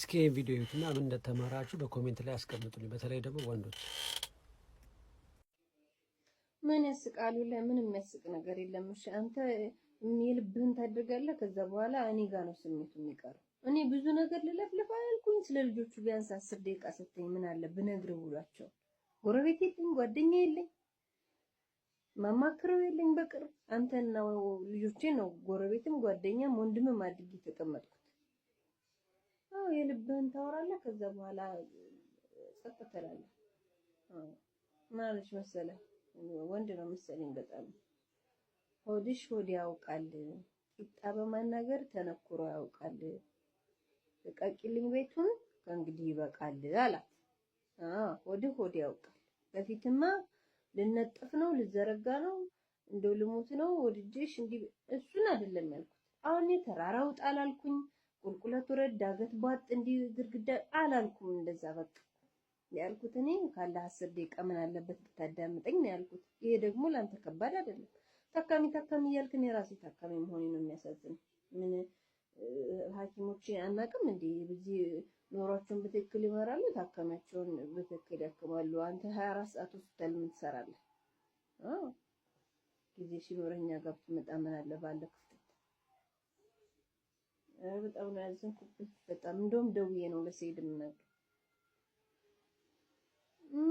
እስኪ ቪዲዮ እና ምን እንደተማራችሁ በኮሜንት ላይ አስቀምጡልኝ። በተለይ ደግሞ ወንዶች ምን ያስቃሉ? ለምን የሚያስቅ ነገር የለም። እሺ አንተ የልብህን ታደርጋለህ። ከዛ በኋላ እኔ ጋር ነው ስሜቱ የሚቀረው። እኔ ብዙ ነገር ልለፍልፍ አልኩኝ። ስለ ልጆቹ ቢያንስ አስር ደቂቃ ሰጥተኝ ምን አለ ብነግር ውሏቸው። ጎረቤት የለኝ፣ ጓደኛ የለኝ፣ ማማክረው የለኝ። በቅርብ አንተና ልጆቼ ነው ጎረቤትም ጓደኛም ወንድምም አድርጌ ተቀመጥኩ። ልብህን ታወራለህ። ከዛ በኋላ ጸጥ ትላለህ። ምን አለች መሰለህ? ወንድ ነው መሰለኝ በጣም ሆድሽ ሆድ ያውቃል፣ ቂጣ በማናገር ተነኩሮ ያውቃል። ልቀቂልኝ ቤቱን ከእንግዲህ ይበቃል አላት። አዎ ሆድ ሆድ ያውቃል። በፊትማ ልነጠፍ ነው ልዘረጋ ነው እንደው ልሞት ነው ወድጄሽ እንዲህ እሱን አይደለም ያልኩት። አሁን ተራራ ውጣ አላልኩኝ ቁልቁለት ረዳ ገት ቧጥ፣ እንዲህ ግርግዳ አላልኩም። እንደዛ በቃ ያልኩት እኔ ካለ አስር ደቂቃ ምን አለበት ብታዳምጠኝ ነው ያልኩት። ይሄ ደግሞ ላንተ ከባድ አይደለም። ታካሚ ታካሚ እያልክ እኔ ራሴ ታካሚ መሆኔ ነው የሚያሳዝን። ምን ሐኪሞች አናቅም እንዴ? በዚህ ኖሯቸውን በትክክል ይመራሉ፣ ታካሚያቸውን በትክክል ያክማሉ። አንተ አራት ሰዓት ሆስፒታል ምን ትሰራለህ? ጊዜ ሲኖረኛ ጋር ትመጣ ምን አለ ባለ ክፍት በጣም ነው ያዘንኩብኝ። በጣም እንደውም ደውዬ ነው ለሰይድ የምነግርህ።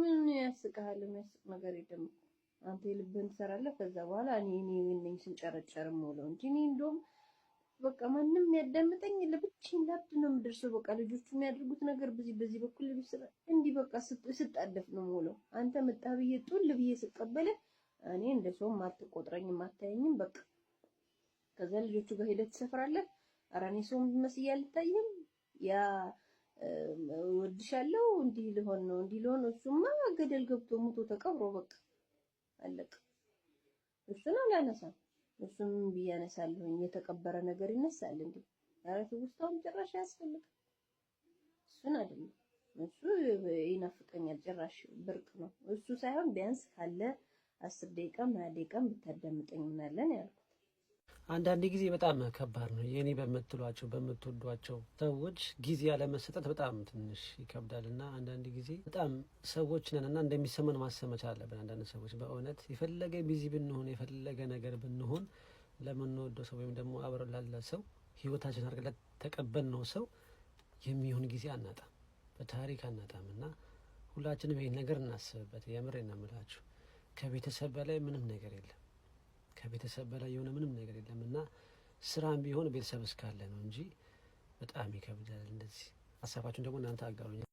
ምን ያስቀሃል? የሚያስቅ ነገር የለም። አንተ የልብህን ትሰራለህ። ከዛ በኋላ እኔ እኔ ነኝ ስንጨረጨር የምውለው እንጂ እኔ እንደውም በቃ ማንም ያዳምጠኝ ለብቻዬን ላብድ ነው የምደርሰው። በቃ ልጆቹ የሚያደርጉት ነገር በዚህ በዚህ በኩል ስራ እንዲህ በቃ ስጣደፍ ነው የምውለው። አንተ መጣ ብዬ ጡል ብዬ ስቀበልህ እኔ እንደ ሰውም አትቆጥረኝም፣ አታየኝም። በቃ ከዛ ልጆቹ ጋር ሄደህ ትሰፍራለህ። ኧረ እኔ ሰው መስዬ አልታይም። ያ ወድሻለሁ እንዲህ ልሆን ነው እንዲህ ልሆን እሱማ ገደል ገብቶ ሙቶ ተቀብሮ በቃ አለቀ። እሱን አላነሳም። እሱም ብያነሳለሁኝ የተቀበረ ነገር ይነሳል እንዴ? ኧረ ትውስታውም ጭራሽ አያስፈልግም። እሱን አይደለም እሱ ይናፍቀኛል። ጭራሽ ብርቅ ነው እሱ ሳይሆን ቢያንስ ካለ አስር ደቂቃም ሀያ ደቂቃም ብታዳምጠኝ ምናለን ያልኩ አንዳንድ ጊዜ በጣም ከባድ ነው። የኔ በምትሏቸው በምትወዷቸው ሰዎች ጊዜ ያለመሰጠት በጣም ትንሽ ይከብዳል እና አንዳንድ ጊዜ በጣም ሰዎች ነን እና እንደሚሰማን ማሰብ መቻል አለብን። አንዳንድ ሰዎች በእውነት የፈለገ ቢዚ ብንሆን የፈለገ ነገር ብንሆን ለምንወደው ሰው ወይም ደግሞ አብረን ላለ ሰው ህይወታችን አድርገን ለተቀበልነው ሰው የሚሆን ጊዜ አናጣም፣ በታሪክ አናጣም እና ሁላችንም ይህን ነገር እናስብበት። የምር ነው የምላችሁ ከቤተሰብ በላይ ምንም ነገር የለም። ከቤተሰብ በላይ የሆነ ምንም ነገር የለም እና ስራም ቢሆን ቤተሰብ እስካለ ነው እንጂ በጣም ይከብዳል። እንደዚህ ሀሳባችሁን ደግሞ እናንተ አጋሩኝ።